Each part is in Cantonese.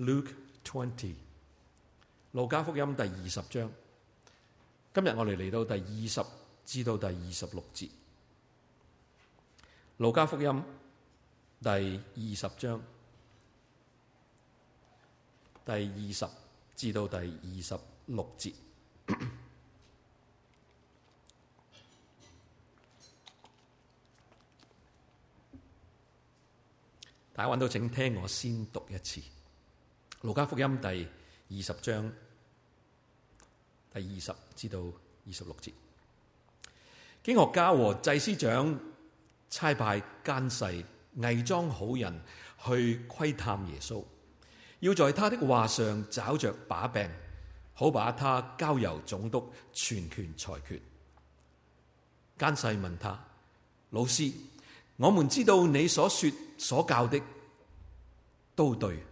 Luke Twenty，路加福音第二十章。今日我哋嚟到第二十至到第二十六節。路加福音第二十章，第二十至到第二十六節。大家揾到，請聽我先讀一次。路加福音第二十章第二十至到二十六節，經學家和祭司長差派奸細偽裝好人去窺探耶穌，要在他的話上找着把柄，好把他交由總督全權裁決。奸細問他：老師，我們知道你所說所教的都對。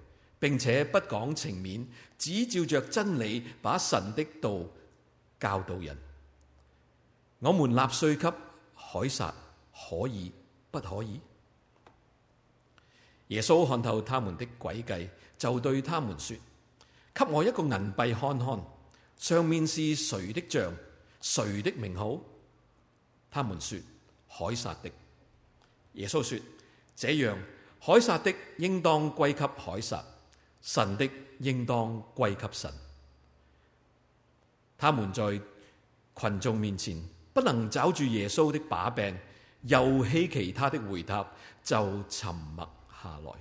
並且不講情面，只照着真理把神的道教導人。我們納稅給凱撒可以不可以？耶穌看透他們的詭計，就對他們說：給我一個銀幣看看，上面是誰的像，誰的名號？他們說：凱撒的。耶穌說：這樣，凱撒的應當歸給凱撒。神的應當歸給神。他們在群眾面前不能抓住耶穌的把柄，又希奇他的回答，就沉默下來。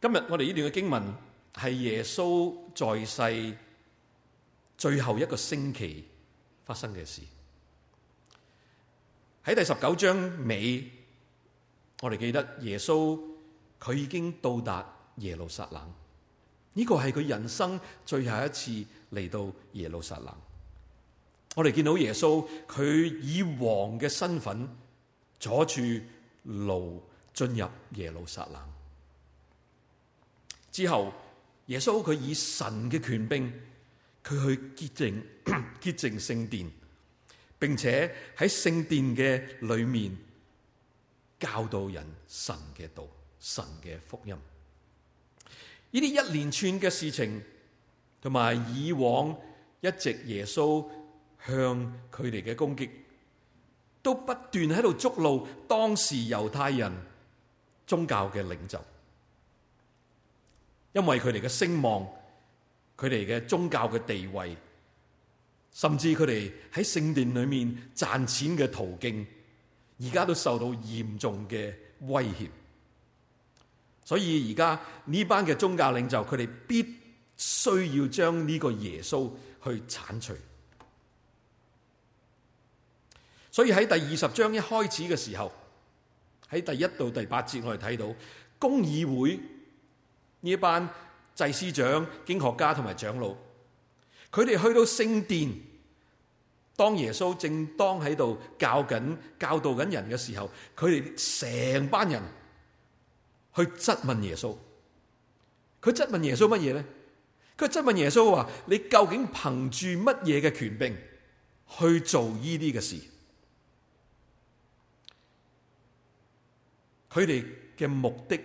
今日我哋呢段嘅經文係耶穌在世最後一個星期發生嘅事，喺第十九章尾。我哋記得耶穌佢已經到達耶路撒冷，呢、這個係佢人生最後一次嚟到耶路撒冷。我哋見到耶穌佢以王嘅身份騎住驢進入耶路撒冷。之後耶穌佢以神嘅權柄，佢去潔淨潔淨聖殿，並且喺聖殿嘅裏面。教導人神嘅道、神嘅福音，呢啲一連串嘅事情，同埋以往一直耶穌向佢哋嘅攻擊，都不斷喺度觸怒當時猶太人宗教嘅領袖，因為佢哋嘅聲望、佢哋嘅宗教嘅地位，甚至佢哋喺聖殿裏面賺錢嘅途徑。而家都受到嚴重嘅威脅，所以而家呢班嘅宗教領袖，佢哋必須要將呢個耶穌去鏟除。所以喺第二十章一開始嘅時候，喺第一到第八節，我哋睇到公議會呢一班祭司長、經學家同埋長老，佢哋去到聖殿。當耶穌正當喺度教緊、教導緊人嘅時候，佢哋成班人去質問耶穌。佢質問耶穌乜嘢咧？佢質問耶穌話：你究竟憑住乜嘢嘅權柄去做呢啲嘅事？佢哋嘅目的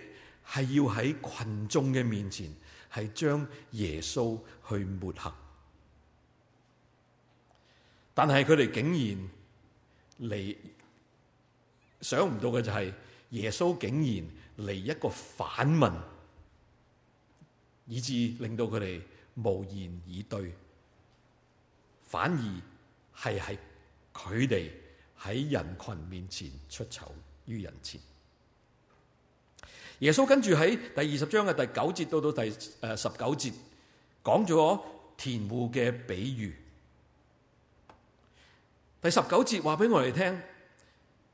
係要喺群眾嘅面前係將耶穌去抹黑。但係佢哋竟然嚟，想唔到嘅就係耶穌竟然嚟一個反問，以致令到佢哋無言以對，反而係喺佢哋喺人群面前出醜於人前。耶穌跟住喺第二十章嘅第九節到到第誒十九節講咗田戶嘅比喻。第十九節話俾我哋聽，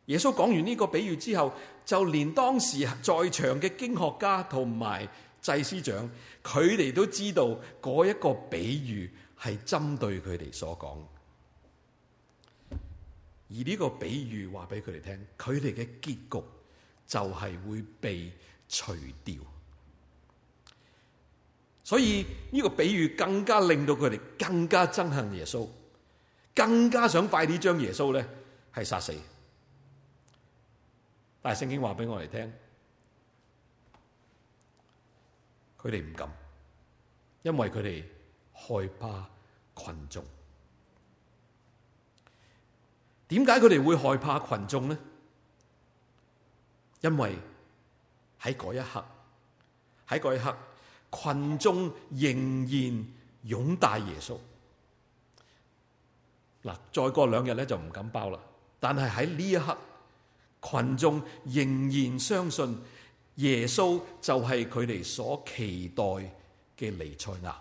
耶穌講完呢個比喻之後，就連當時在場嘅經學家同埋祭司長，佢哋都知道嗰一個比喻係針對佢哋所講。而呢個比喻話俾佢哋聽，佢哋嘅結局就係會被除掉。所以呢個比喻更加令到佢哋更加憎恨耶穌。更加想快啲將耶穌咧係殺死，但係聖經話俾我哋聽，佢哋唔敢，因為佢哋害怕群眾。點解佢哋會害怕群眾咧？因為喺嗰一刻，喺嗰一刻，群眾仍然擁戴耶穌。嗱，再過兩日咧就唔敢包啦。但係喺呢一刻，群眾仍然相信耶穌就係佢哋所期待嘅彌賽亞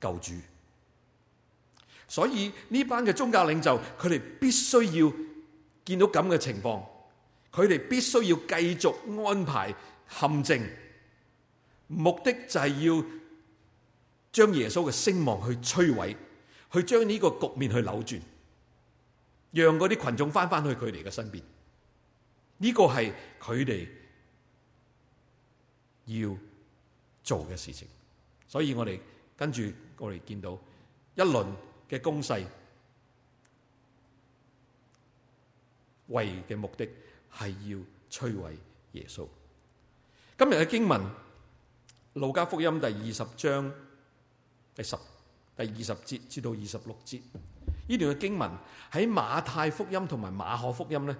救主。所以呢班嘅宗教領袖，佢哋必須要見到咁嘅情況，佢哋必須要繼續安排陷阱，目的就係要將耶穌嘅聲望去摧毀。去將呢個局面去扭轉，讓嗰啲群眾翻翻去佢哋嘅身邊，呢個係佢哋要做嘅事情。所以我哋跟住我哋見到一輪嘅攻勢，為嘅目的係要摧毀耶穌。今日嘅經文，路加福音第二十章第十。第二十節至到二十六節，呢段嘅經文喺馬太福音同埋馬可福音咧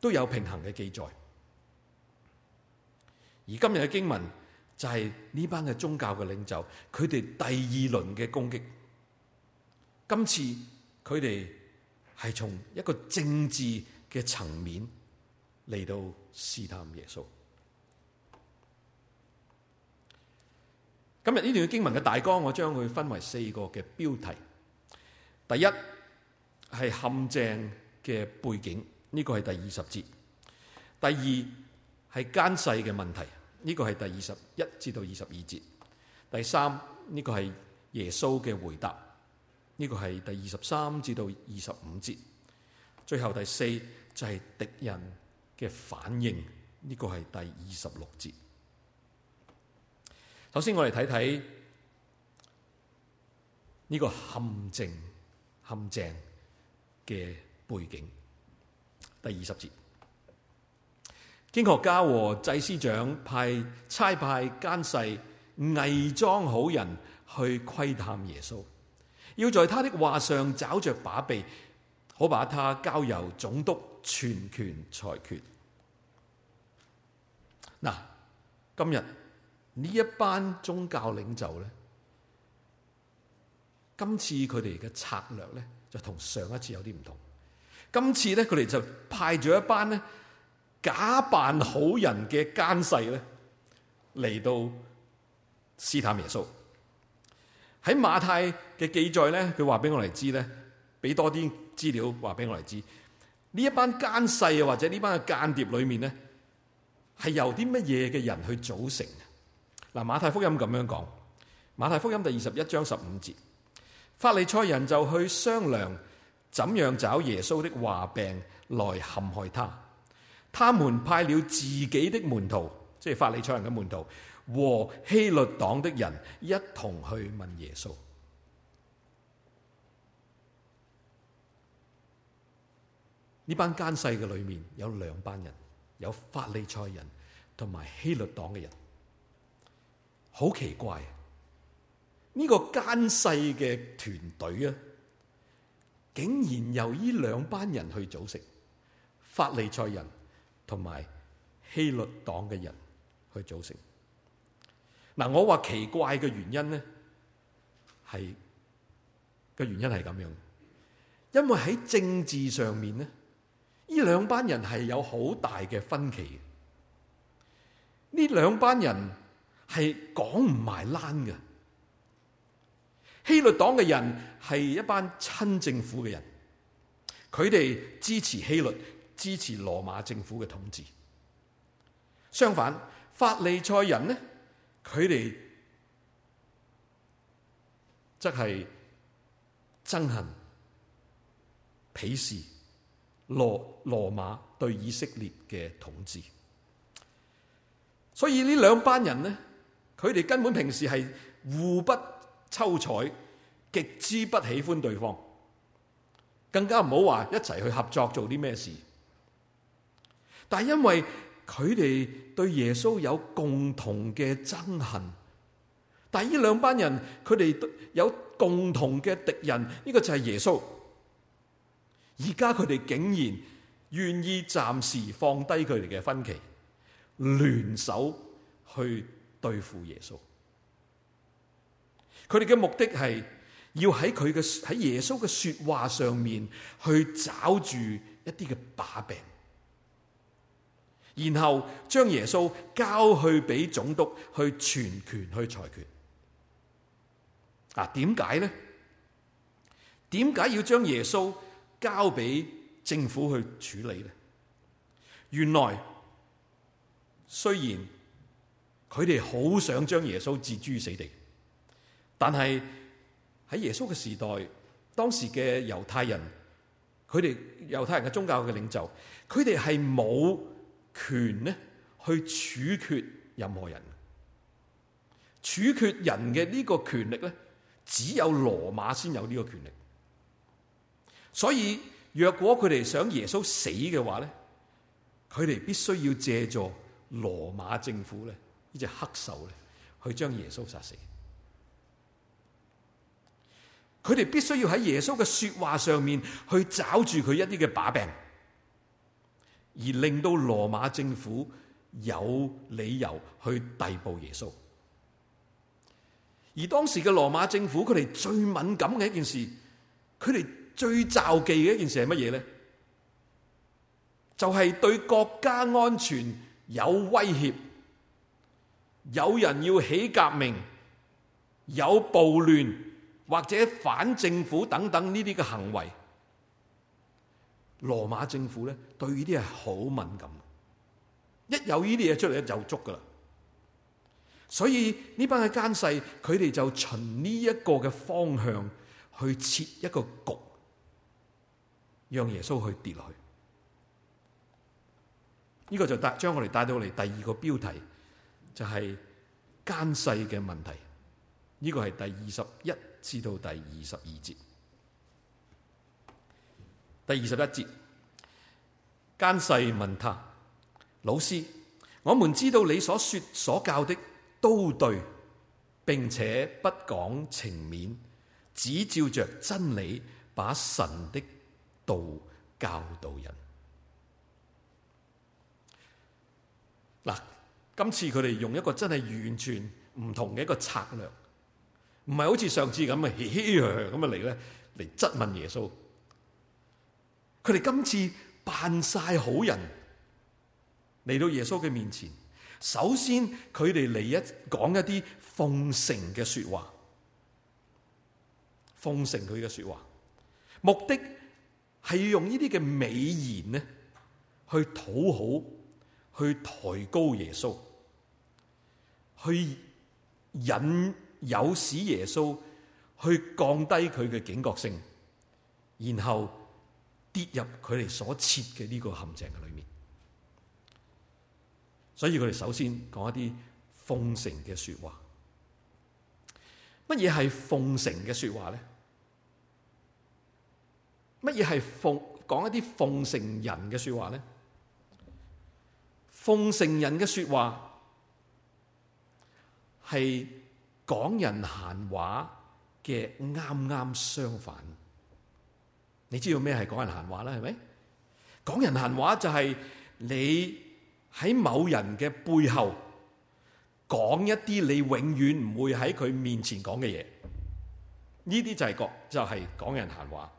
都有平衡嘅記載。而今日嘅經文就係呢班嘅宗教嘅領袖，佢哋第二輪嘅攻擊，今次佢哋係從一個政治嘅層面嚟到試探耶穌。今日呢段經文嘅大綱，我將佢分為四個嘅標題。第一係陷阱嘅背景，呢、這個係第二十節；第二係奸細嘅問題，呢、這個係第二十一至到二十二節；第三呢、這個係耶穌嘅回答，呢、這個係第二十三至到二十五節；最後第四就係、是、敵人嘅反應，呢、這個係第二十六節。首先我來看看，我哋睇睇呢個陷阱、陷阱嘅背景。第二十節，經學家和祭司長派差派奸細、偽裝好人去窺探耶穌，要在他的話上找着把柄，好把他交由總督全權裁決。嗱，今日。呢一班宗教領袖咧，今次佢哋嘅策略咧，就同上一次有啲唔同。今次咧，佢哋就派咗一班咧假扮好人嘅奸細咧嚟到試探耶穌。喺馬太嘅記載咧，佢話俾我哋知咧，俾多啲資料，話俾我哋知道。呢一班奸細啊，或者呢班嘅間諜裏面咧，係由啲乜嘢嘅人去組成？嗱，馬太福音咁樣講，馬太福音第二十一章十五節，法利賽人就去商量怎樣找耶穌的話柄來陷害他。他們派了自己的門徒，即係法利賽人嘅門徒和希律黨的人一同去問耶穌。呢班奸細嘅裏面有兩班人，有法利賽人同埋希律黨嘅人。好奇怪，呢個奸細嘅團隊啊，竟然由呢兩班人去組成，法利賽人同埋希律黨嘅人去組成。嗱，我話奇怪嘅原因咧，係嘅原因係咁樣，因為喺政治上面咧，呢兩班人係有好大嘅分歧，呢兩班人。係講唔埋欄㗎，希律黨嘅人係一班親政府嘅人，佢哋支持希律，支持羅馬政府嘅統治。相反，法利賽人呢，佢哋則係憎恨、鄙視羅羅馬對以色列嘅統治。所以呢兩班人呢？佢哋根本平時係互不瞅睬，極之不喜歡對方，更加唔好話一齊去合作做啲咩事。但係因為佢哋對耶穌有共同嘅憎恨，但係呢兩班人佢哋都有共同嘅敵人，呢、這個就係耶穌。而家佢哋竟然願意暫時放低佢哋嘅分歧，聯手去對付耶穌，佢哋嘅目的係要喺佢嘅喺耶穌嘅說話上面去找住一啲嘅把柄，然後將耶穌交去俾總督去全權去裁決。啊，點解呢？點解要將耶穌交俾政府去處理呢？原來雖然。佢哋好想將耶穌置諸死地，但係喺耶穌嘅時代，當時嘅猶太人，佢哋猶太人嘅宗教嘅領袖，佢哋係冇權咧去處決任何人。處決人嘅呢個權力咧，只有羅馬先有呢個權力。所以若果佢哋想耶穌死嘅話咧，佢哋必須要借助羅馬政府咧。隻黑手咧，去將耶穌殺死。佢哋必須要喺耶穌嘅說話上面去找住佢一啲嘅把柄，而令到羅馬政府有理由去逮捕耶穌。而當時嘅羅馬政府，佢哋最敏感嘅一件事，佢哋最罩忌嘅一件事係乜嘢咧？就係對國家安全有威脅。有人要起革命，有暴亂或者反政府等等呢啲嘅行為，羅馬政府咧對呢啲係好敏感，一有呢啲嘢出嚟就捉噶啦。所以呢班嘅奸細，佢哋就循呢一個嘅方向去設一個局，讓耶穌去跌落去。呢、呢個就帶將我哋帶到嚟第二個標題。就係、是、奸細嘅問題，呢、這個係第二十一至到第二十二節。第二十一節，奸細問他：老師，我們知道你所說所教的都對，並且不講情面，只照着真理把神的道教導人。嗱。今次佢哋用一個真係完全唔同嘅一個策略，唔係好似上次咁啊，嘻嘻，咁啊嚟咧嚟質問耶穌。佢哋今次扮晒好人嚟到耶穌嘅面前，首先佢哋嚟一講一啲奉承嘅說話，奉承佢嘅說話，目的係要用呢啲嘅美言咧去討好，去抬高耶穌。去引誘使耶穌去降低佢嘅警覺性，然後跌入佢哋所設嘅呢個陷阱嘅裏面。所以佢哋首先講一啲奉承嘅說話。乜嘢係奉承嘅說話咧？乜嘢係奉講一啲奉承人嘅說話咧？奉承人嘅說話。係講人閒話嘅啱啱相反，你知道咩係講人閒話啦，係咪？講人閒話就係你喺某人嘅背後講一啲你永遠唔會喺佢面前講嘅嘢。呢啲就係講就係講人閒話。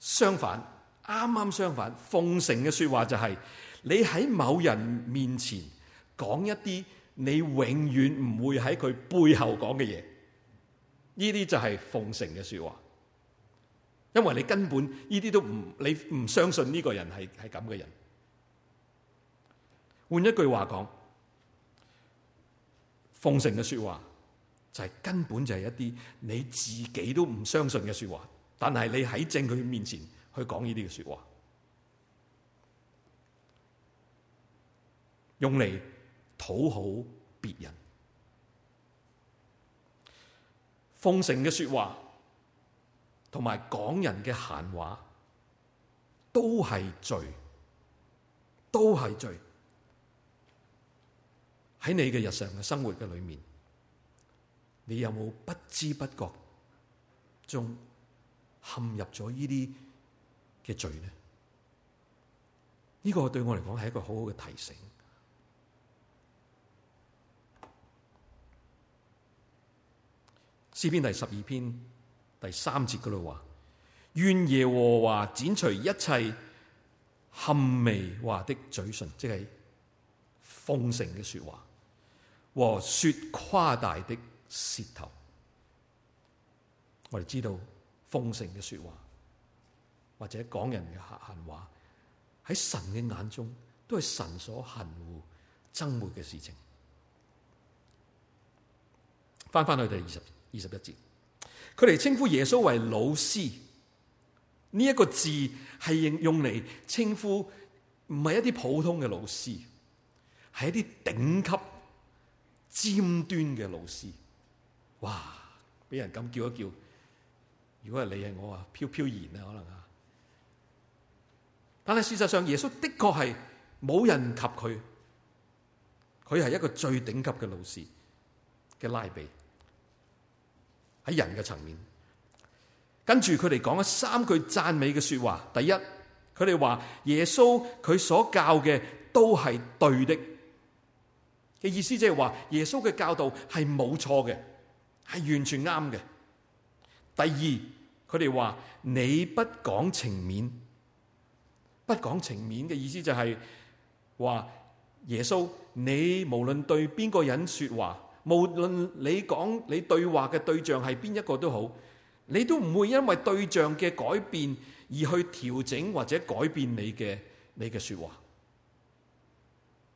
相反，啱啱相反，奉承嘅說話就係你喺某人面前講一啲。你永遠唔會喺佢背後講嘅嘢，呢啲就係奉承嘅說話，因為你根本呢啲都唔你唔相信呢個人係係咁嘅人。換一句話講，奉承嘅說話就係、是、根本就係一啲你自己都唔相信嘅說話，但係你喺正佢面前去講呢啲嘅說這些話，用嚟。討好別人，奉承嘅說話，同埋講人嘅閒話，都係罪，都係罪。喺你嘅日常嘅生活嘅裏面，你有冇不知不覺中陷入咗呢啲嘅罪呢？呢、這個對我嚟講係一個很好好嘅提醒。詩篇第十二篇第三節嗰度話：願耶和華剪除一切諂媚話的嘴唇，即係奉承嘅說話和說誇大的舌頭。我哋知道奉承嘅說話或者講人嘅閒話，喺神嘅眼中都係神所恨惡、憎惡嘅事情。翻翻去第二十。二十一節，佢哋稱呼耶穌為老師，呢一個字係用嚟稱呼，唔係一啲普通嘅老師，係一啲頂級尖端嘅老師。哇！俾人咁叫一叫，如果係你係我啊，飄飄然啊可能啊。但係事實上，耶穌的確係冇人及佢，佢係一個最頂級嘅老師嘅拉比。喺人嘅層面，跟住佢哋講咗三句讚美嘅說話。第一，佢哋話耶穌佢所教嘅都係對的嘅意思，即係話耶穌嘅教導係冇錯嘅，係完全啱嘅。第二，佢哋話你不講情面，不講情面嘅意思就係話耶穌，你無論對邊個人說話。無論你講你對話嘅對象係邊一個都好，你都唔會因為對象嘅改變而去調整或者改變你嘅你嘅說話。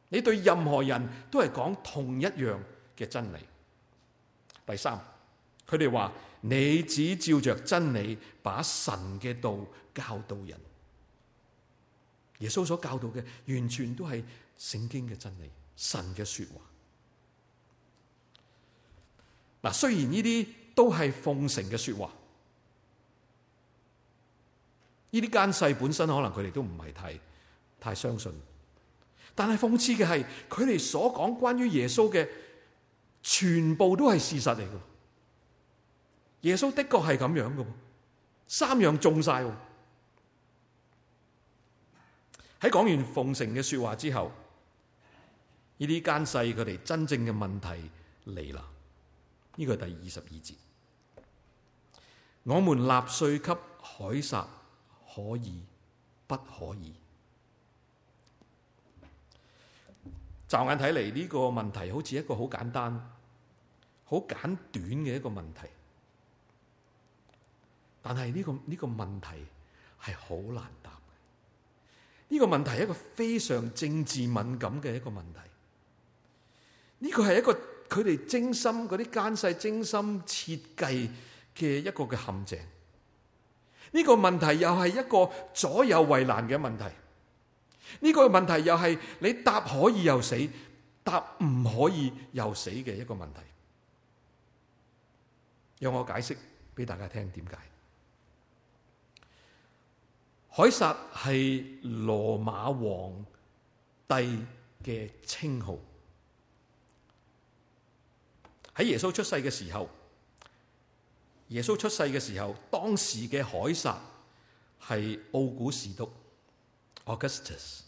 你對任何人都係講同一樣嘅真理。第三，佢哋話你只照着真理，把神嘅道教導人。耶穌所教導嘅完全都係聖經嘅真理，神嘅說話。嗱，雖然呢啲都係奉承嘅說話，呢啲奸細本身可能佢哋都唔係太太相信，但係諷刺嘅係佢哋所講關於耶穌嘅，全部都係事實嚟嘅。耶穌的確係咁樣嘅，三樣中晒喎。喺講完奉承嘅說話之後，呢啲奸細佢哋真正嘅問題嚟啦。呢、這個係第二十二節，我們納稅給凱撒可以不可以？驟眼睇嚟呢個問題好似一個好簡單、好簡短嘅一個問題，但係呢、這個呢、這個問題係好難答嘅。呢、這個問題係一個非常政治敏感嘅一個問題，呢、這個係一個。佢哋精心嗰啲奸細精心設計嘅一個嘅陷阱，呢個問題又係一個左右為難嘅問題。呢個問題又係你答可以又死，答唔可以又死嘅一個問題。讓我解釋俾大家聽點解。凱撒係羅馬皇帝嘅稱號。喺耶穌出世嘅時候，耶穌出世嘅時候，當時嘅凱撒係奧古士都 （Augustus）。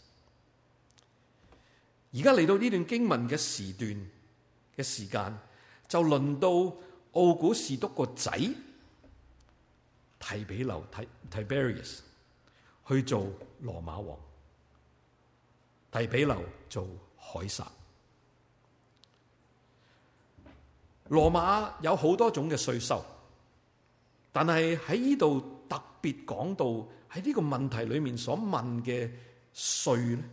而家嚟到呢段經文嘅時段嘅時間，就輪到奧古士都個仔提比流提，Tiberius 去做羅馬王，提比流做凱撒。羅馬有好多種嘅稅收，但係喺呢度特別講到喺呢個問題裏面所問嘅稅呢，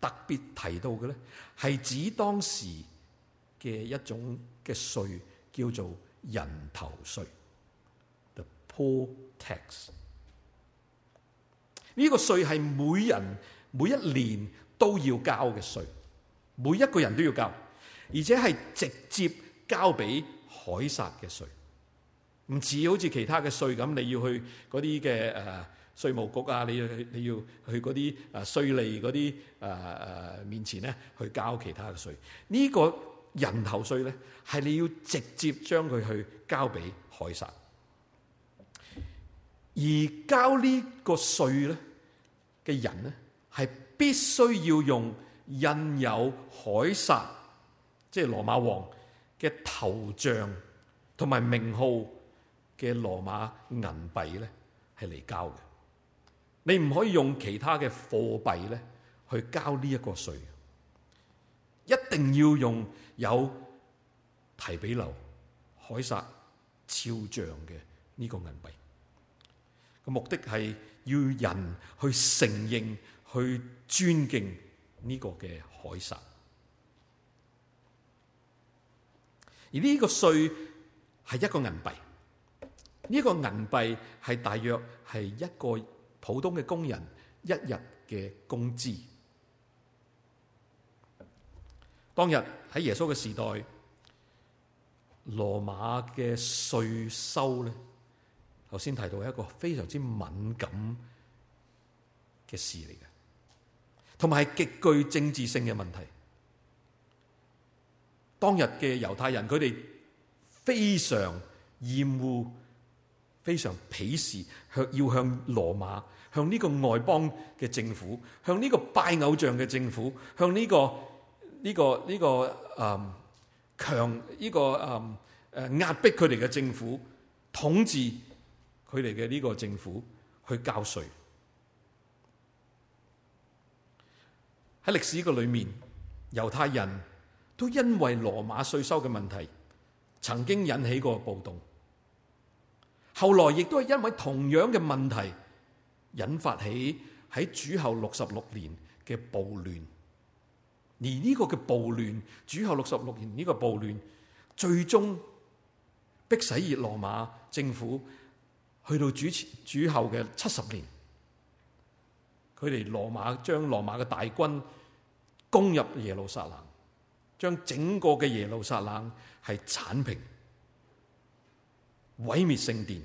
特別提到嘅呢係指當時嘅一種嘅稅叫做人頭稅。The poll tax 呢、這個稅係每人每一年都要交嘅稅，每一個人都要交，而且係直接。交俾凱撒嘅稅唔似好似其他嘅稅咁，你要去嗰啲嘅誒稅務局啊，你要你要去嗰啲誒稅吏嗰啲誒誒面前咧，去交其他嘅稅。呢個人頭稅咧，係你要直接將佢去交俾凱撒。而交呢個稅咧，嘅人咧，係必須要用印有凱撒，即係羅馬王。嘅頭像同埋名號嘅羅馬銀幣咧，係嚟交嘅。你唔可以用其他嘅貨幣咧去交呢一個稅，一定要用有提比流、凱撒、肖像嘅呢個銀幣。個目的係要人去承認、去尊敬呢個嘅凱撒。而呢個稅係一個銀幣，呢個銀幣係大約係一個普通嘅工人一日嘅工資。當日喺耶穌嘅時代，羅馬嘅稅收咧，頭先提到係一個非常之敏感嘅事嚟嘅，同埋係極具政治性嘅問題。當日嘅猶太人，佢哋非常厭惡、非常鄙視，向要向羅馬、向呢個外邦嘅政府、向呢個拜偶像嘅政府、向呢個、呢個、呢個、嗯、呃、強呢個、嗯、誒、呃、壓迫佢哋嘅政府統治佢哋嘅呢個政府去交稅。喺歷史嗰裏面，猶太人。都因為羅馬稅收嘅問題，曾經引起過暴動。後來亦都係因為同樣嘅問題，引發起喺主後六十六年嘅暴亂。而呢個嘅暴亂，主後六十六年呢個暴亂，最終逼使熱羅馬政府去到主前主後嘅七十年，佢哋羅馬將羅馬嘅大軍攻入耶路撒冷。將整個嘅耶路撒冷係鏟平，毀滅聖殿，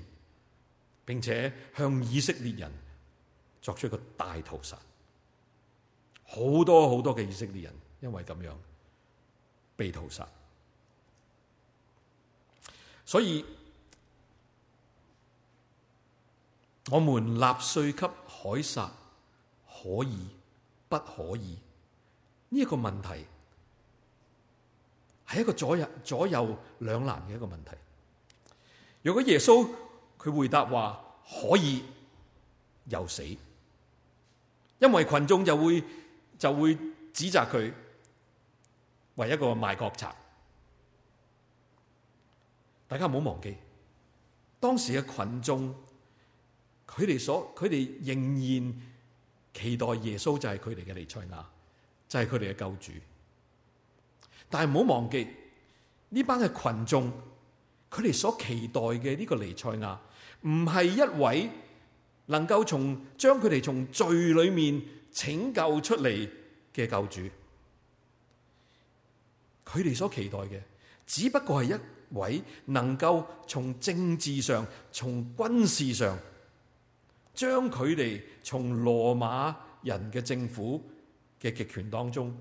並且向以色列人作出一個大屠殺，好多好多嘅以色列人因為咁樣被屠殺。所以，我們納稅給凱撒可以不可以呢？一個問題。係一個左右左右兩難嘅一個問題。如果耶穌佢回答話可以，又死，因為群眾就會就會指責佢為一個賣國賊。大家唔好忘記，當時嘅群眾，佢哋所佢哋仍然期待耶穌就係佢哋嘅彌賽亞，就係佢哋嘅救主。但係唔好忘記呢班嘅群眾，佢哋所期待嘅呢個彌賽亞，唔係一位能夠從將佢哋從罪裏面拯救出嚟嘅救主。佢哋所期待嘅，只不過係一位能夠從政治上、從軍事上，將佢哋從羅馬人嘅政府嘅極權當中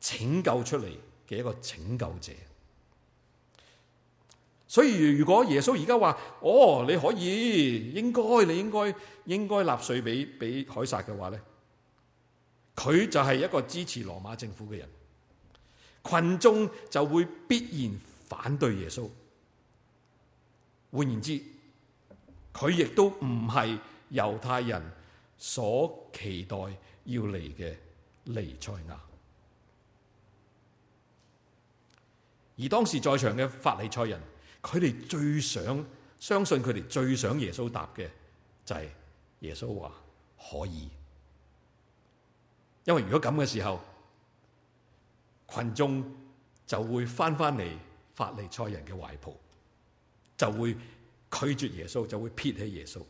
拯救出嚟。嘅一個拯救者，所以如果耶穌而家話：哦，你可以，應該，你應該，應該納稅俾俾凱撒嘅話呢，佢就係一個支持羅馬政府嘅人，群眾就會必然反對耶穌。換言之，佢亦都唔係猶太人所期待要嚟嘅彌賽亞。而當時在場嘅法利賽人，佢哋最想相信佢哋最想耶穌答嘅就係耶穌話可以，因為如果咁嘅時候，群眾就會翻返嚟法利賽人嘅懷抱，就會拒絕耶穌，就會撇起耶穌，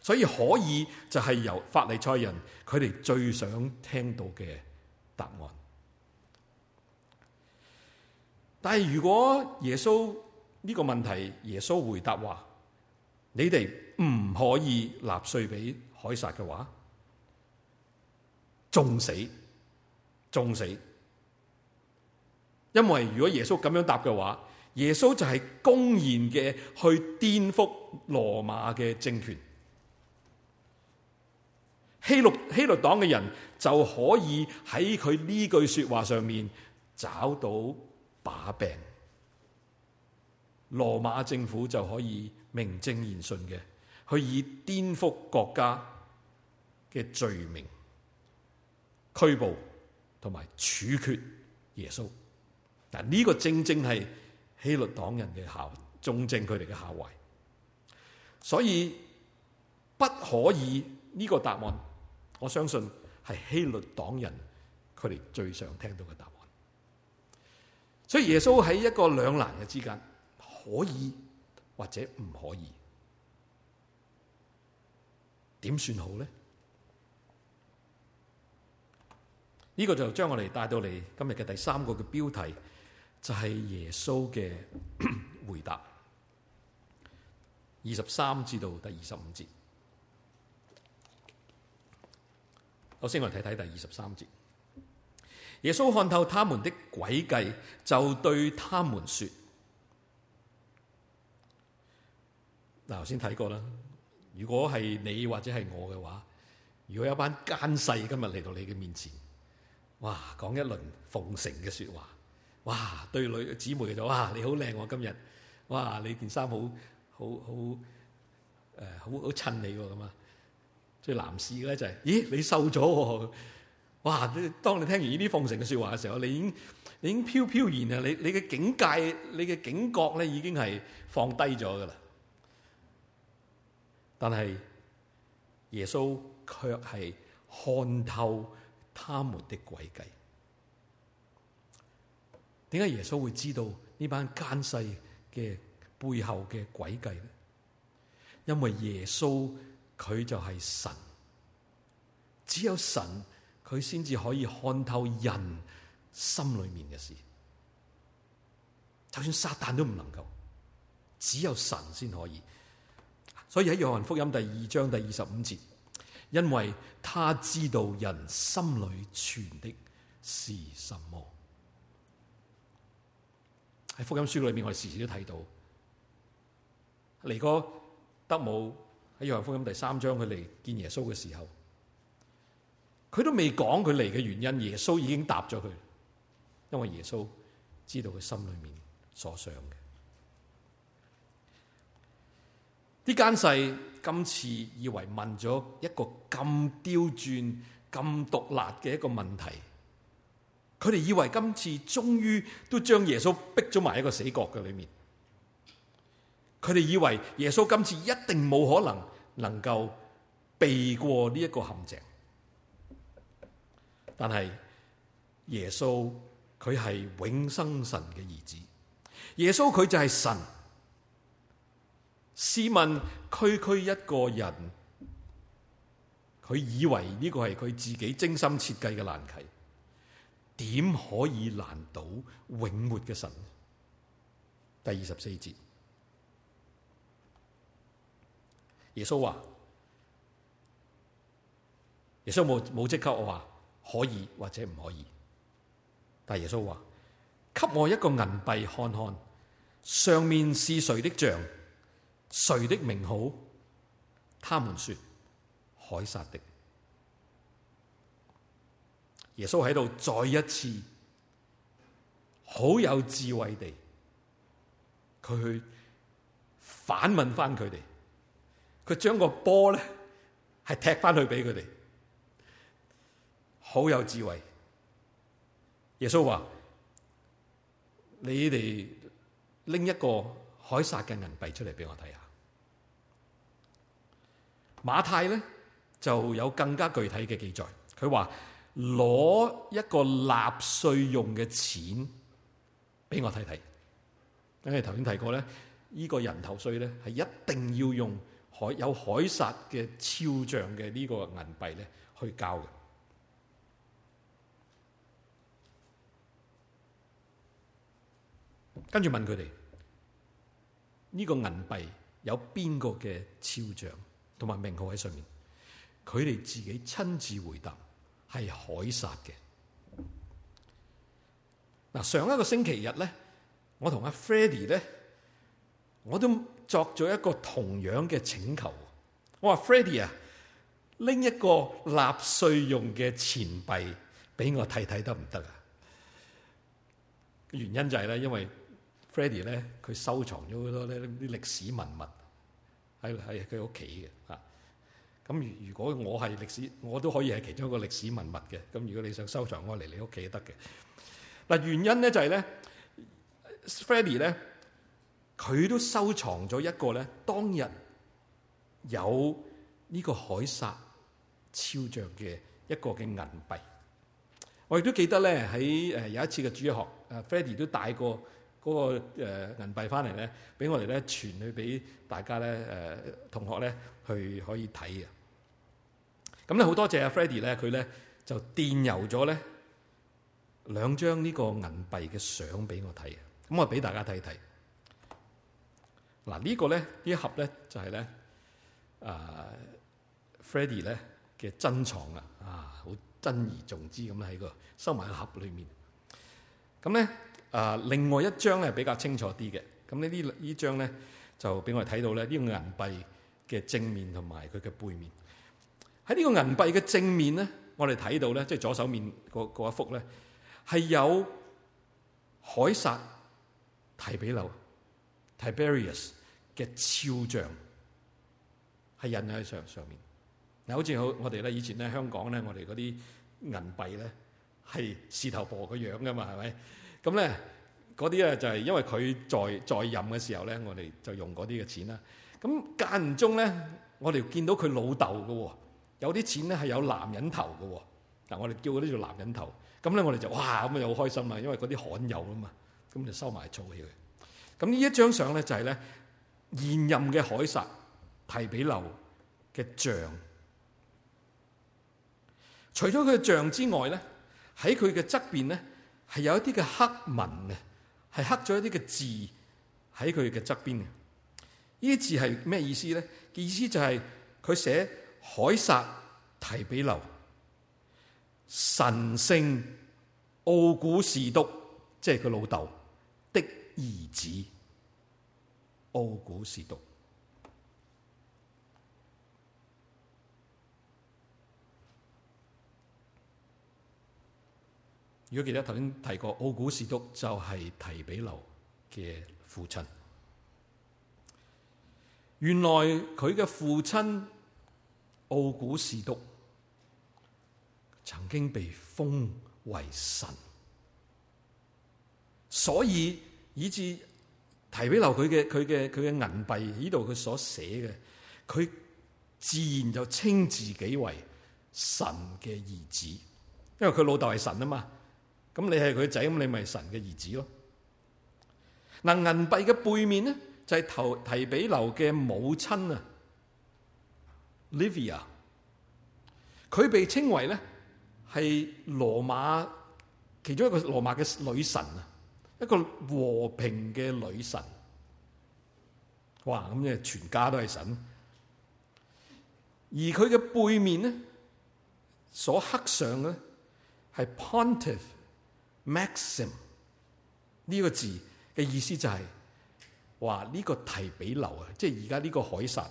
所以可以就係由法利賽人佢哋最想聽到嘅答案。但係如果耶穌呢個問題，耶穌回答話：你哋唔可以納稅俾凱撒嘅話，重死重死。因為如果耶穌咁樣答嘅話，耶穌就係公然嘅去顛覆羅馬嘅政權。希律希律黨嘅人就可以喺佢呢句說話上面找到把柄，羅馬政府就可以名正言順嘅，去以顛覆國家嘅罪名拘捕同埋處決耶穌。嗱，呢個正正係希律黨人嘅下，正中佢哋嘅下懷。所以不可以呢個答案，我相信係希律黨人佢哋最想聽到嘅答案。所以耶穌喺一個兩難嘅之間，可以或者唔可以，點算好呢？呢、這個就將我哋帶到嚟今日嘅第三個嘅標題，就係耶穌嘅回答，二十三至到第二十五節。首先我嚟睇睇第二十三節。耶穌看透他們的詭計，就對他們說：嗱，頭先睇過啦。如果係你或者係我嘅話，如果有班奸細今日嚟到你嘅面前，哇，講一輪奉承嘅說話，哇，對女姊妹就哇，你好靚，今日，哇，你件衫好好好，誒，好好襯你咁啊。對男士咧就係，咦，你瘦咗啊。哇！當你聽完呢啲奉承嘅說話嘅時候，你已經你已經飄飄然啊！你你嘅警戒，你嘅警覺咧，已經係放低咗噶啦。但係耶穌卻係看透他們的詭計。點解耶穌會知道呢班奸細嘅背後嘅詭計咧？因為耶穌佢就係神，只有神。佢先至可以看透人心裏面嘅事，就算撒旦都唔能夠，只有神先可以。所以喺約翰福音第二章第二十五節，因為他知道人心裏存的是什麼。喺福音書裏面，我哋時時都睇到，尼哥德姆喺約翰福音第三章佢嚟見耶穌嘅時候。佢都未講佢嚟嘅原因，耶穌已經答咗佢，因為耶穌知道佢心裏面所想嘅。啲奸細今次以為問咗一個咁刁鑽、咁獨立嘅一個問題，佢哋以為今次終於都將耶穌逼咗埋一個死角嘅裏面，佢哋以為耶穌今次一定冇可能能夠避過呢一個陷阱。但係耶穌佢係永生神嘅兒子，耶穌佢就係神。試問區區一個人，佢以為呢個係佢自己精心設計嘅難題，點可以難倒永活嘅神？第二十四節耶，耶穌話耶穌冇冇即刻我話可以或者唔可以？但耶穌話：給我一個銀幣看看，上面是誰的像，誰的名號？他們說：凱撒的。耶穌喺度再一次好有智慧地，佢去反問翻佢哋，佢將個波咧係踢翻去俾佢哋。好有智慧，耶穌話：你哋拎一個凱撒嘅銀幣出嚟俾我睇下。馬太呢，就有更加具體嘅記載，佢話攞一個納稅用嘅錢俾我睇睇。我哋頭先提過咧，呢、這個人頭稅呢，係一定要用凱有凱撒嘅肖像嘅呢個銀幣呢去交的跟住問佢哋呢個銀幣有邊個嘅肖像同埋名號喺上面，佢哋自己親自回答係凱撒嘅。嗱，上一個星期日咧，我同阿 Freddie 咧，我都作咗一個同樣嘅請求。我話 Freddie 啊，拎一個納稅用嘅錢幣俾我睇睇得唔得啊？原因就係咧，因為。Freddie 咧，佢收藏咗好多呢啲歷史文物，喺喺佢屋企嘅啊。咁如果我係歷史，我都可以係其中一個歷史文物嘅。咁如果你想收藏我嚟你屋企都得嘅。嗱，原因咧就係咧 Freddie 咧，佢都收藏咗一個咧，當日有呢個凱撒肖像嘅一個嘅銀幣。我亦都記得咧喺誒有一次嘅主日學，誒 Freddie 都帶過。嗰個誒銀幣翻嚟咧，俾我哋咧傳去俾大家咧誒同學咧去可以睇嘅。咁咧好多謝阿 Freddie 咧，佢咧就電郵咗咧兩張呢個銀幣嘅相俾我睇嘅。咁我俾大家睇睇。嗱呢個咧呢盒咧就係咧誒 Freddie 咧嘅珍藏啊，啊好珍而重之咁喺個收埋喺盒裏面。咁咧。啊！另外一張咧比較清楚啲嘅，咁呢啲呢張咧就俾我哋睇到咧呢、這個銀幣嘅正面同埋佢嘅背面。喺呢個銀幣嘅正面咧，我哋睇到咧，即、就、係、是、左手面嗰一幅咧，係有凱撒提庇留 Tiberius 嘅肖像係印喺上上面。嗱，好似好，我哋咧以前咧香港咧，我哋嗰啲銀幣咧係事頭婆個樣噶嘛，係咪？咁咧，嗰啲咧就係因為佢在在任嘅時候咧，我哋就用嗰啲嘅錢啦。咁間唔中咧，我哋見到佢老豆嘅喎，有啲錢咧係有男人頭嘅喎。嗱，我哋叫嗰啲做男人頭。咁咧，我哋就哇咁就好開心啦，因為嗰啲罕有啊嘛，咁就收埋儲起佢。咁呢一張相咧就係咧現任嘅凱撒提比流嘅像。除咗佢嘅像之外咧，喺佢嘅側邊咧。係有一啲嘅黑文嘅，係刻咗一啲嘅字喺佢嘅側邊嘅。呢啲字係咩意思咧？嘅意思就係佢寫凱撒提比流神聖奧古士督，即係佢老豆的兒子奧古士督。如果記得頭先提過，奧古士督就係提比留嘅父親。原來佢嘅父親奧古士督曾經被封為神，所以以致提比留佢嘅佢嘅佢嘅銀幣呢度佢所寫嘅，佢自然就稱自己為神嘅兒子，因為佢老豆係神啊嘛。咁你係佢仔，咁你咪神嘅兒子咯。嗱，銀幣嘅背面咧就係頭提比留嘅母親啊，Livia。佢被稱為咧係羅馬其中一個羅馬嘅女神啊，一個和平嘅女神。哇，咁即係全家都係神。而佢嘅背面咧所刻上嘅咧係 Pontiff。Maxim 呢個字嘅意思就係話呢個提比留啊，即係而家呢個凱撒，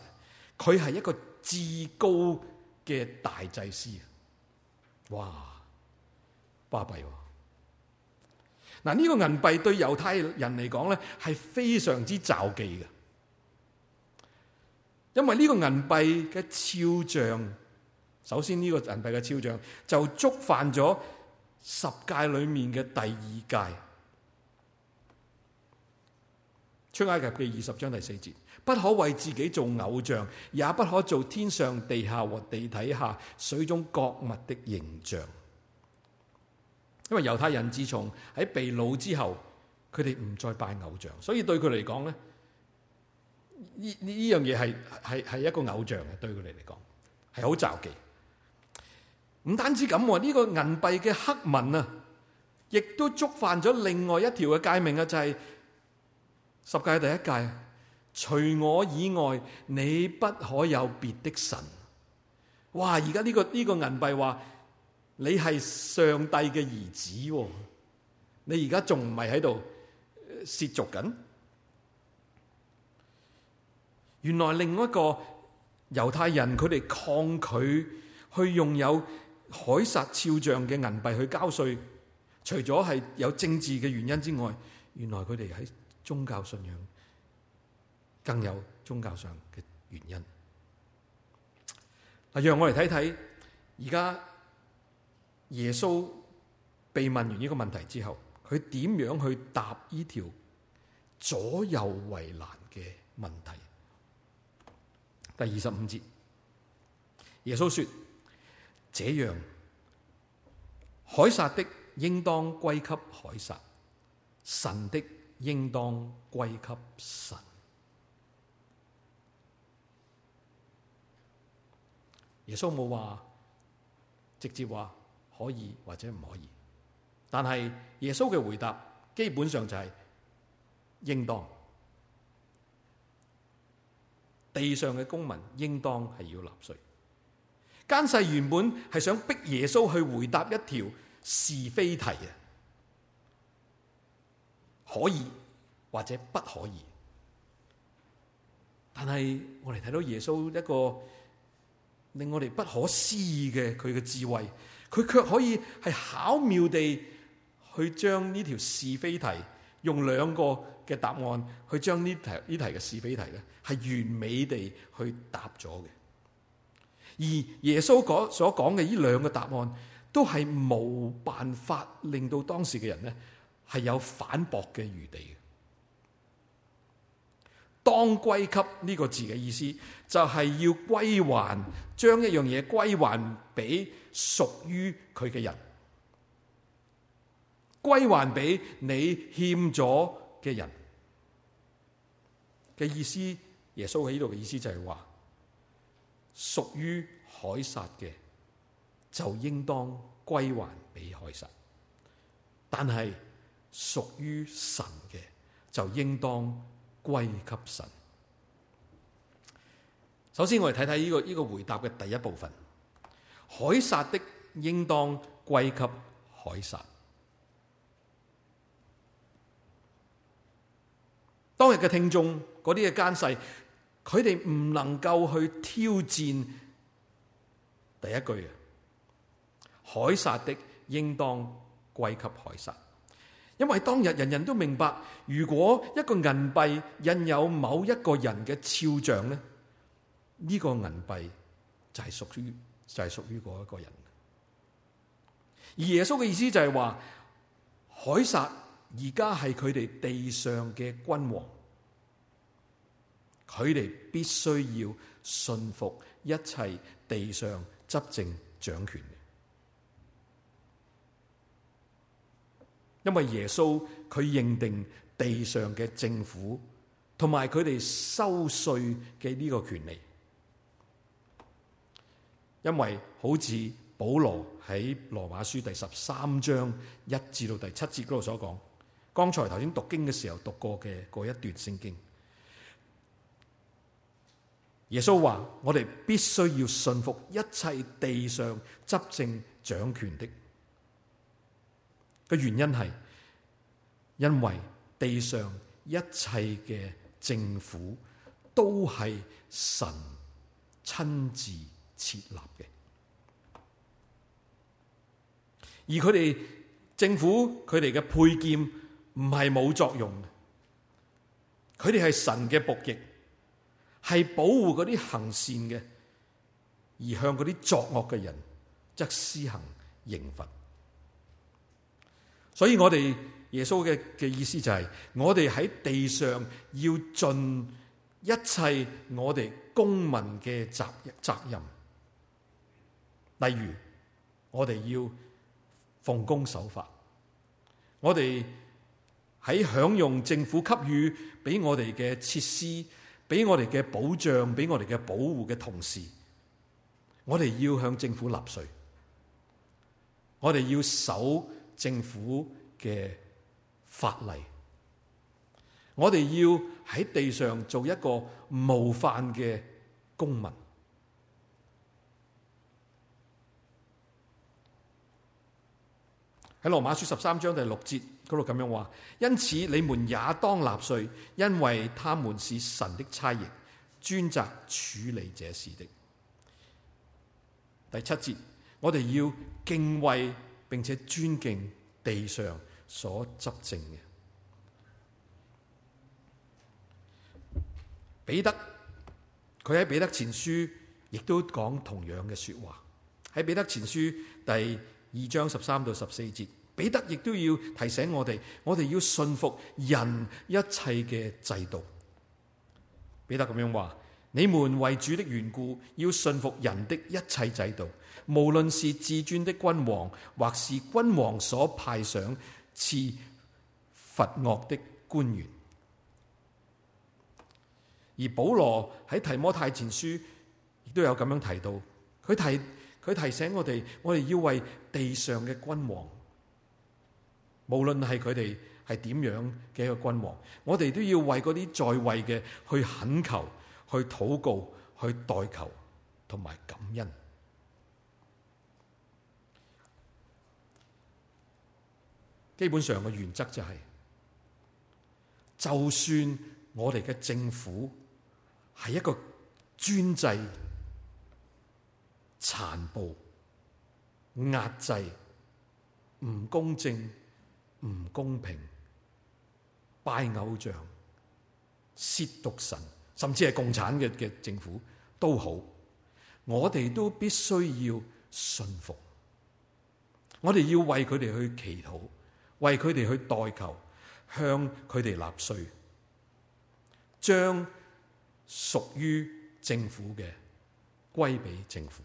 佢係一個至高嘅大祭司啊！哇，巴閉、啊！嗱，呢個銀幣對猶太人嚟講咧，係非常之驟忌嘅，因為呢個銀幣嘅肖像，首先呢個銀幣嘅肖像就觸犯咗。十誡裏面嘅第二誡，出埃及記二十章第四節，不可為自己做偶像，也不可做天上、地下和地底下水中各物的形象。因為猶太人自從喺被擄之後，佢哋唔再拜偶像，所以對佢嚟講呢呢呢樣嘢係係係一個偶像嘅，對佢哋嚟講係好禁忌。唔單止咁喎、啊，呢、這個銀幣嘅刻文啊，亦都觸犯咗另外一條嘅誡命啊，就係、是、十誡第一誡，除我以外，你不可有別的神。哇！而家呢個呢、這個銀幣話你係上帝嘅兒子、啊，你而家仲唔係喺度褻瀆緊？原來另一個猶太人佢哋抗拒去擁有。凱撒肖像嘅銀幣去交稅，除咗係有政治嘅原因之外，原來佢哋喺宗教信仰更有宗教上嘅原因。嗱，讓我嚟睇睇而家耶穌被問完呢個問題之後，佢點樣去答呢條左右為難嘅問題？第二十五節，耶穌說。這樣，凱撒的應當歸給凱撒，神的應當歸給神。耶穌冇話直接話可以或者唔可以，但係耶穌嘅回答基本上就係應當，地上嘅公民應當係要納稅。奸細原本係想逼耶穌去回答一條是非題啊，可以或者不可以。但係我哋睇到耶穌一個令我哋不可思議嘅佢嘅智慧，佢卻可以係巧妙地去將呢條是非題用兩個嘅答案去將呢題呢題嘅是非題咧，係完美地去答咗嘅。而耶穌所講嘅呢兩個答案，都係冇辦法令到當時嘅人咧係有反駁嘅餘地嘅。當歸給呢個字嘅意思，就係要歸還，將一樣嘢歸還俾屬於佢嘅人，歸還俾你欠咗嘅人嘅意思。耶穌喺度嘅意思就係話。屬於凱撒嘅，就應當歸還俾凱撒；但係屬於神嘅，就應當歸給神。首先我看看、這個，我哋睇睇呢個呢個回答嘅第一部分：凱撒的應當歸給凱撒。當日嘅聽眾，嗰啲嘅奸細。佢哋唔能夠去挑戰第一句，凱撒的應當歸給凱撒，因為當日人人都明白，如果一個銀幣印有某一個人嘅肖像咧，呢、這個銀幣就係屬於就係、是、屬於嗰一個人。而耶穌嘅意思就係話，凱撒而家係佢哋地上嘅君王。佢哋必須要信服一切地上執政掌權，因為耶穌佢認定地上嘅政府同埋佢哋收稅嘅呢個權利，因為好似保羅喺羅馬書第十三章一至到第七節嗰度所講，剛才頭先讀經嘅時候讀過嘅嗰一段聖經。耶穌話，我哋必須要順服一切地上執政掌權的，原因係因為地上一切嘅政府都係神親自設立嘅。而佢哋政府佢哋嘅配劍唔係冇作用嘅，佢哋係神嘅僕役。係保護嗰啲行善嘅，而向嗰啲作惡嘅人，則施行刑罰。所以我哋耶穌嘅嘅意思就係、是，我哋喺地上要盡一切我哋公民嘅責責任。例如，我哋要奉公守法，我哋喺享用政府給予俾我哋嘅設施。俾我哋嘅保障，俾我哋嘅保護嘅同時，我哋要向政府納稅，我哋要守政府嘅法例，我哋要喺地上做一個模範嘅公民。喺羅馬書十三章第六節。嗰度咁樣話，因此你們也當納稅，因為他們是神的差役，專責處理這事的。第七節，我哋要敬畏並且尊敬地上所執政嘅。彼得。佢喺彼得前書亦都講同樣嘅說話，喺彼得前書第二章十三到十四節。彼得亦都要提醒我哋，我哋要信服人一切嘅制度。彼得咁樣話：你們為主的緣故，要信服人的一切制度，無論是至尊的君王，或是君王所派賞善罰惡的官員。而保羅喺提摩太前書亦都有咁樣提到，佢提佢提醒我哋，我哋要為地上嘅君王。無論係佢哋係點樣嘅一個君王，我哋都要為嗰啲在位嘅去懇求、去禱告、去代求同埋感恩。基本上嘅原則就係，就算我哋嘅政府係一個專制、殘暴、壓制、唔公正。唔公平、拜偶像、褻瀆神，甚至係共產嘅嘅政府都好，我哋都必須要信服。我哋要為佢哋去祈禱，為佢哋去代求，向佢哋納稅，將屬於政府嘅歸俾政府，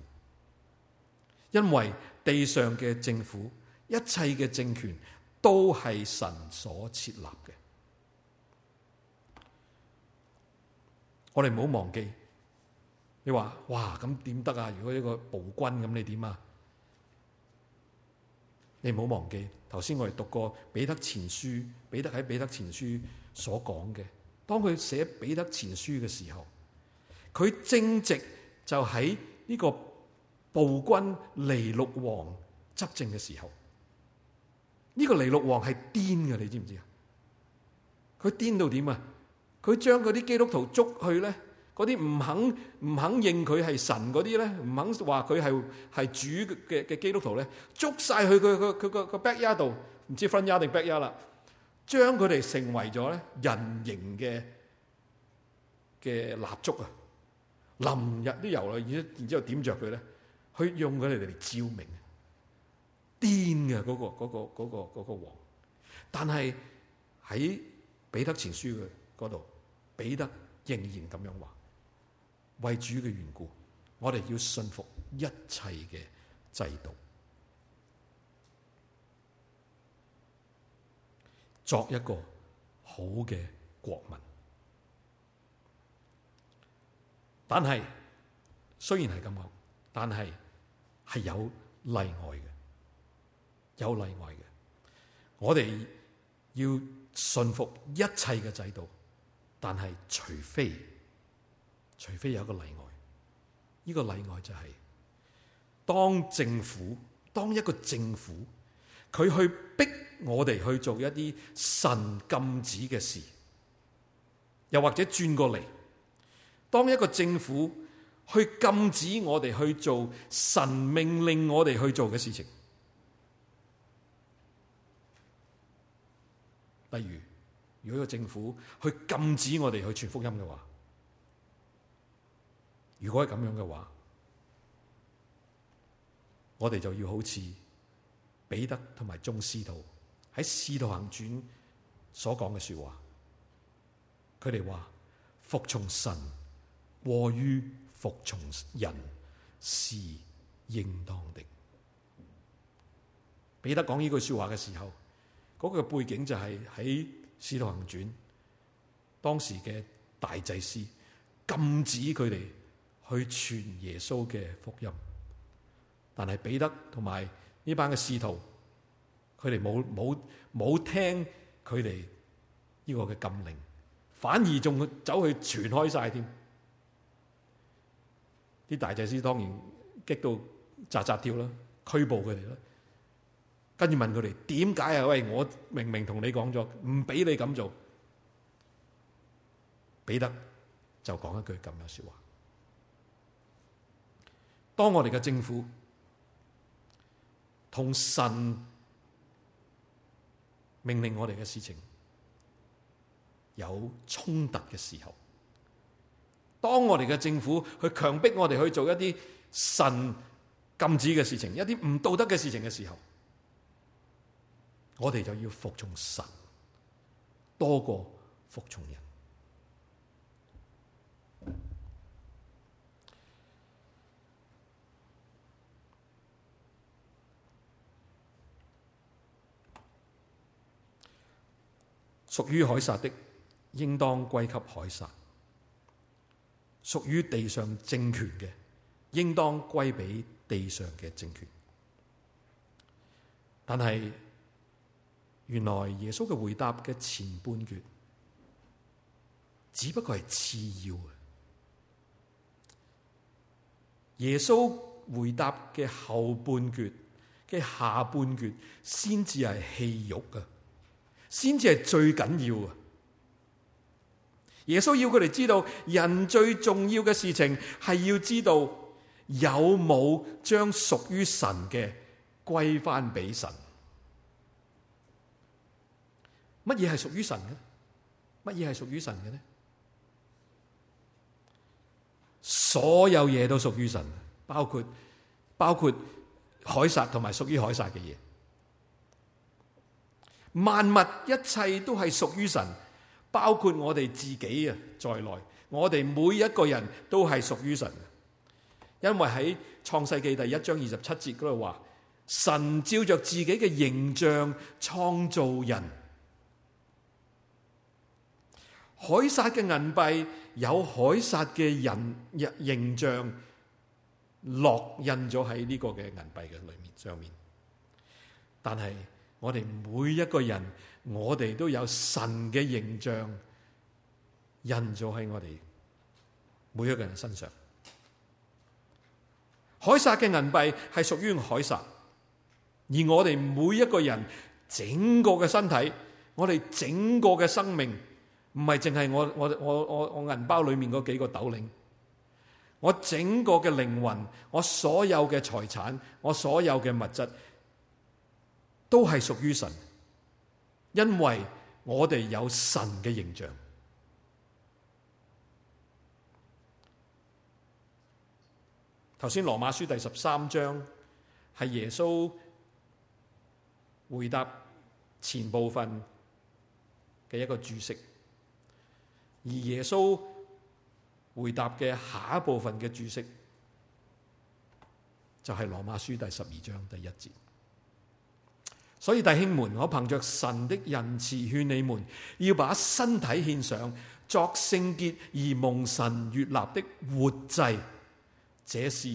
因為地上嘅政府，一切嘅政權。都係神所設立嘅，我哋唔好忘記。你話哇，咁點得啊？如果一個暴君咁，你點啊？你唔好忘記，頭先我哋讀過彼得前書，彼得喺彼得前書所講嘅，當佢寫彼得前書嘅時候，佢正值就喺呢個暴君尼祿王執政嘅時候。呢個尼祿王係癲嘅，你知唔知啊？佢癲到點啊？佢將嗰啲基督徒捉去咧，嗰啲唔肯唔肯認佢係神嗰啲咧，唔肯話佢係係主嘅嘅基督徒咧，捉曬去佢佢佢個個 backyard 度，唔知 front yard 定 back yard 啦，將佢哋成為咗咧人形嘅嘅蠟燭啊！淋日啲油啦，然之後點著佢咧，去用佢哋嚟照明。癲嘅嗰個、嗰個、嗰個、嗰個王，但係喺彼得前書嘅嗰度，彼得仍然咁樣話：為主嘅緣故，我哋要信服一切嘅制度，作一個好嘅國民。但係雖然係咁講，但係係有例外嘅。有例外嘅，我哋要信服一切嘅制度，但係除非，除非有一個例外，呢個例外就係當政府當一個政府佢去逼我哋去做一啲神禁止嘅事，又或者轉過嚟，當一個政府去禁止我哋去做神命令我哋去做嘅事情。例如，如果個政府去禁止我哋去傳福音嘅話，如果係噉樣嘅話，我哋就要好似彼得同埋眾使徒喺《使徒行傳》所講嘅說話，佢哋話服從神，過於服從人，是應當的。彼得講呢句說話嘅時候。嗰、那個背景就係喺《使徒行傳》，當時嘅大祭司禁止佢哋去傳耶穌嘅福音，但係彼得同埋呢班嘅使徒，佢哋冇冇冇聽佢哋呢個嘅禁令，反而仲走去傳開晒添。啲大祭司當然激到紮紮跳啦，拘捕佢哋啦。跟住問佢哋點解啊？喂，我明明同你講咗，唔俾你咁做，彼得就講一句咁樣說話。當我哋嘅政府同神命令我哋嘅事情有衝突嘅時候，當我哋嘅政府去強迫我哋去做一啲神禁止嘅事情，一啲唔道德嘅事情嘅時候。我哋就要服從神，多過服從人。屬於凱撒的，應當歸給凱撒；屬於地上政權嘅，應當歸俾地上嘅政權。但係。原來耶穌嘅回答嘅前半句只不過係次要啊，耶穌回答嘅後半句嘅下半句先至係戲肉，啊，先至係最緊要啊！耶穌要佢哋知道，人最重要嘅事情係要知道有冇將屬於神嘅歸翻俾神。乜嘢係屬於神嘅？乜嘢係屬於神嘅呢？所有嘢都屬於神，包括包括凱撒同埋屬於凱撒嘅嘢，萬物一切都係屬於神，包括我哋自己啊在內，我哋每一個人都係屬於神，因為喺創世紀第一章二十七節嗰度話，神照着自己嘅形象創造人。凱撒嘅銀幣有凱撒嘅人形象落印咗喺呢個嘅銀幣嘅裏面上面，但係我哋每一個人，我哋都有神嘅形象印咗喺我哋每一個人身上。凱撒嘅銀幣係屬於凱撒，而我哋每一個人整個嘅身體，我哋整個嘅生命。唔係淨係我我我我我銀包裏面嗰幾個斗零，我整個嘅靈魂，我所有嘅財產，我所有嘅物質，都係屬於神，因為我哋有神嘅形象。頭先羅馬書第十三章係耶穌回答前部分嘅一個注釋。而耶穌回答嘅下一部分嘅注釋，就是羅馬書第十二章第一節。所以弟兄們，我憑着神的仁慈勸你們，要把身體獻上作聖潔而蒙神悅納的活祭，這是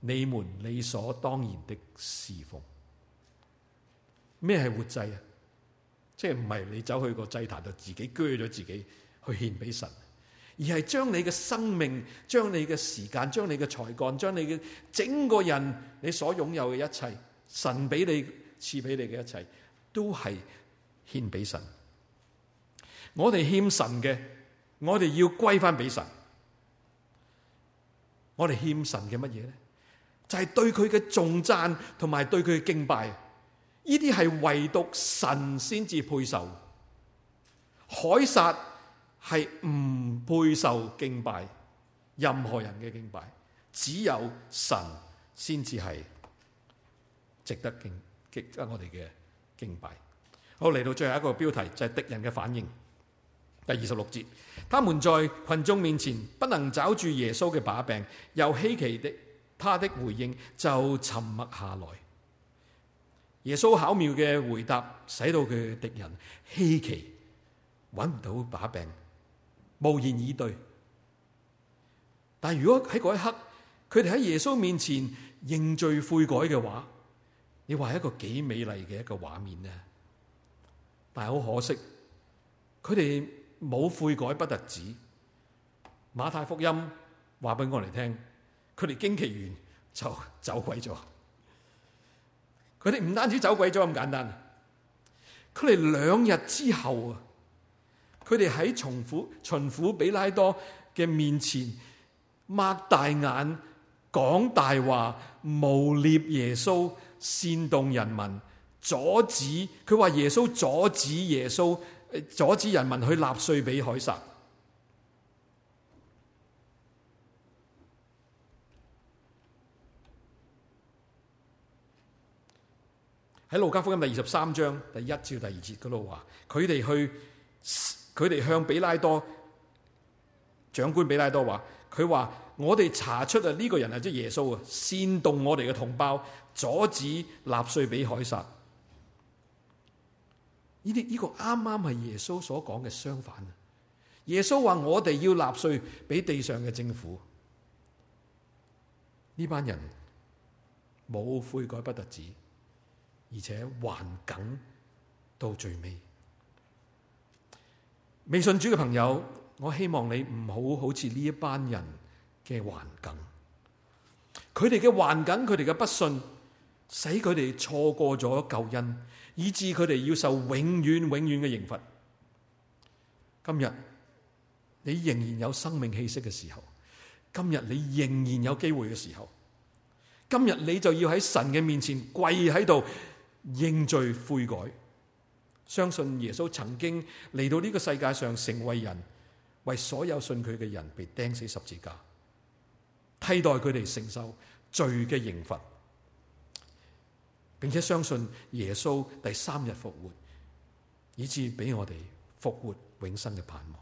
你們理所當然的侍奉。咩係活祭啊？即係唔係你走去個祭壇就自己鋸咗自己？去獻俾神，而係將你嘅生命、將你嘅時間、將你嘅才幹、將你嘅整個人、你所擁有嘅一切，神俾你賜俾你嘅一切，都係獻俾神。我哋欠神嘅，我哋要歸翻俾神。我哋欠神嘅乜嘢咧？就係、是、對佢嘅頌讚同埋對佢嘅敬拜，呢啲係唯獨神先至配受。凱撒。係唔配受敬拜，任何人嘅敬拜，只有神先至係值得敬、值得我哋嘅敬拜。好嚟到最後一個標題，就係、是、敵人嘅反應。第二十六節，他們在群眾面前不能找住耶穌嘅把柄，又稀奇的他的回應，就沉默下來。耶穌巧妙嘅回答，使到佢敵人稀奇，揾唔到把柄。無言以對，但如果喺嗰一刻，佢哋喺耶穌面前認罪悔改嘅話，你話係一個幾美麗嘅一個畫面呢？但係好可惜，佢哋冇悔改不得止。馬太福音話俾我哋聽，佢哋驚奇完就走鬼咗。佢哋唔單止走鬼咗咁簡單，佢哋兩日之後啊。佢哋喺巡撫、巡撫比拉多嘅面前，擘大眼講大話，誣衊耶穌，煽動人民，阻止佢話耶穌阻止耶穌，阻止人民去納稅俾凱撒。喺路加福音第二十三章第一至第二節嗰度話，佢哋去。佢哋向比拉多長官，比拉多話：佢話我哋查出啊，呢個人係，即耶穌啊，煽動我哋嘅同胞阻止納稅俾凱撒。呢啲呢個啱啱係耶穌所講嘅相反啊！耶穌話我哋要納稅俾地上嘅政府。呢班人冇悔改不得止，而且還梗到最尾。未信主嘅朋友，我希望你唔好好似呢一班人嘅環境，佢哋嘅環境，佢哋嘅不信，使佢哋錯過咗救恩，以致佢哋要受永遠永遠嘅刑罰。今日你仍然有生命氣息嘅時候，今日你仍然有機會嘅時候，今日你就要喺神嘅面前跪喺度認罪悔改。相信耶穌曾經嚟到呢個世界上成為人，為所有信佢嘅人，被釘死十字架，替代佢哋承受罪嘅刑罰，並且相信耶穌第三日復活，以致俾我哋復活永生嘅盼望。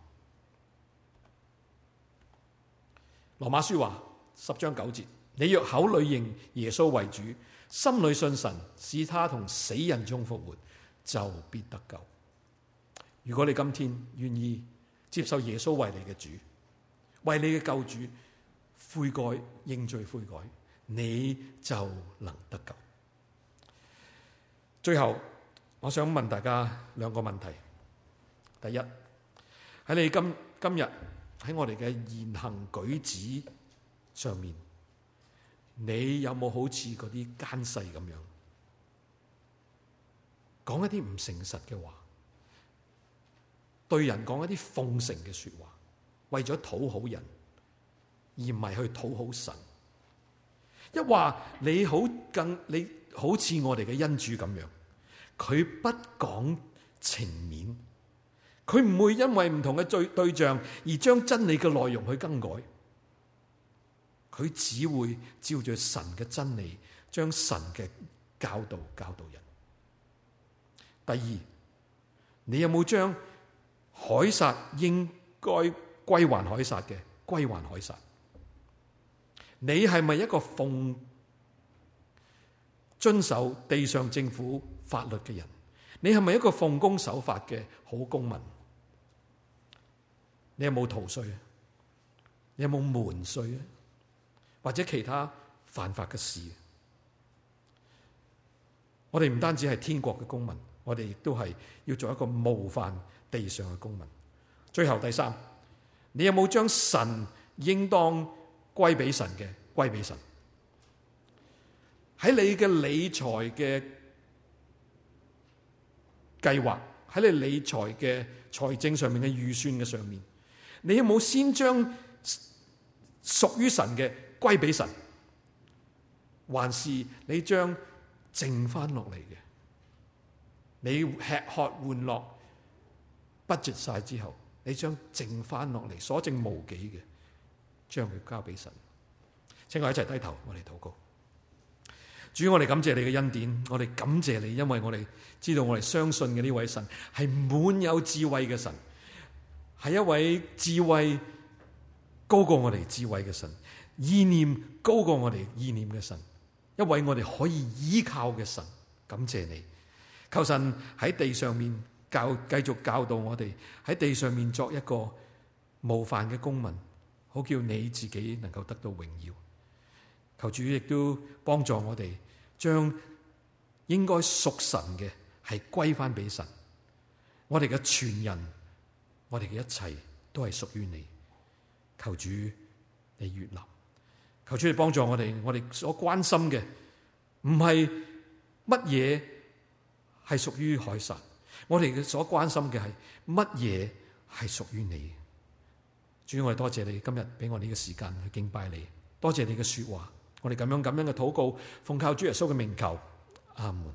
羅馬書話十章九節：你若口裏認耶穌為主，心裏信神使他同死人中復活。就必得救。如果你今天願意接受耶穌為你嘅主，為你嘅救主悔改認罪悔改，你就能得救。最後，我想問大家兩個問題：第一，喺你今今日喺我哋嘅言行舉止上面，你有冇好似嗰啲奸細咁樣？講一啲唔誠實嘅話，對人講一啲奉承嘅說話，為咗討好人而唔係去討好神。一話你好，更你好似我哋嘅恩主咁樣，佢不講情面，佢唔會因為唔同嘅對對象而將真理嘅內容去更改。佢只會照住神嘅真理，將神嘅教導教導人。第二，你有冇將凱撒應該歸還凱撒嘅歸還凱撒？你係咪一個奉遵守地上政府法律嘅人？你係咪一個奉公守法嘅好公民？你有冇逃稅啊？你有冇瞞稅啊？或者其他犯法嘅事？我哋唔單止係天國嘅公民。我哋亦都係要做一個模範地上嘅公民。最後第三，你有冇將神應當歸俾神嘅歸俾神？喺你嘅理財嘅計劃，喺你理財嘅財政上面嘅預算嘅上面，你有冇先將屬於神嘅歸俾神，還是你將剩返落嚟嘅？你吃喝玩樂不絕晒之後，你將剩翻落嚟，所剩無幾嘅，將佢交俾神，請我一齊低頭，我哋禱告。主，我哋感謝你嘅恩典，我哋感謝你，因為我哋知道我哋相信嘅呢位神係滿有智慧嘅神，係一位智慧高過我哋智慧嘅神，意念高過我哋意念嘅神，一位我哋可以依靠嘅神，感謝你。求神喺地上面教繼續教導我哋喺地上面作一個模範嘅公民，好叫你自己能夠得到榮耀。求主亦都幫助我哋將應該屬神嘅係歸翻俾神。我哋嘅全人，我哋嘅一切都係屬於你。求主你悅納，求主去幫助我哋。我哋所關心嘅唔係乜嘢，係屬於凱撒，我哋嘅所關心嘅係乜嘢係屬於你？主要我哋多謝你今日俾我哋呢個時間去敬拜你，多謝你嘅說話，我哋咁樣咁樣嘅禱告，奉靠主耶穌嘅名求，阿門。